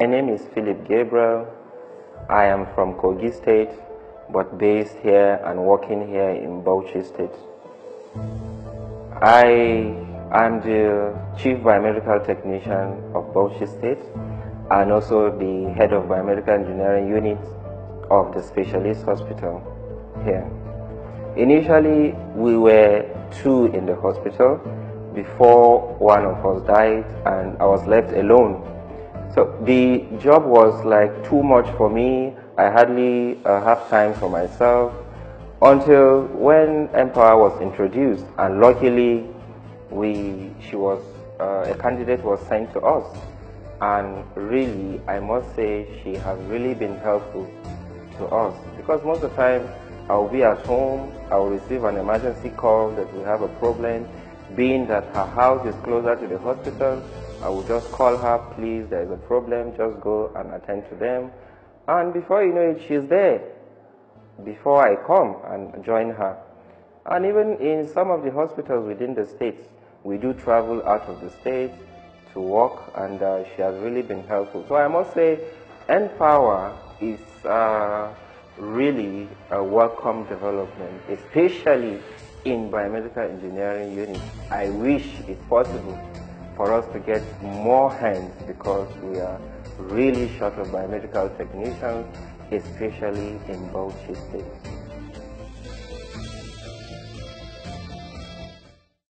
My name is Philip Gabriel. I am from Kogi State, but based here and working here in Bauchi State. I am the Chief Biomedical Technician of Bauchi State and also the Head of Biomedical Engineering Unit of the Specialist Hospital here. Initially, we were two in the hospital before one of us died and I was left alone so the job was like too much for me. I hardly uh, have time for myself until when Empower was introduced, and luckily, we she was uh, a candidate was sent to us, and really, I must say she has really been helpful to us because most of the time I'll be at home, I'll receive an emergency call that we have a problem being that her house is closer to the hospital, I will just call her, please, there is a problem, just go and attend to them. And before you know it, she's there before I come and join her. And even in some of the hospitals within the states, we do travel out of the state to work, and uh, she has really been helpful. So I must say, Empower is uh, really a welcome development, especially in biomedical engineering unit. I wish it's possible for us to get more hands because we are really short of biomedical technicians, especially in Bauchi State.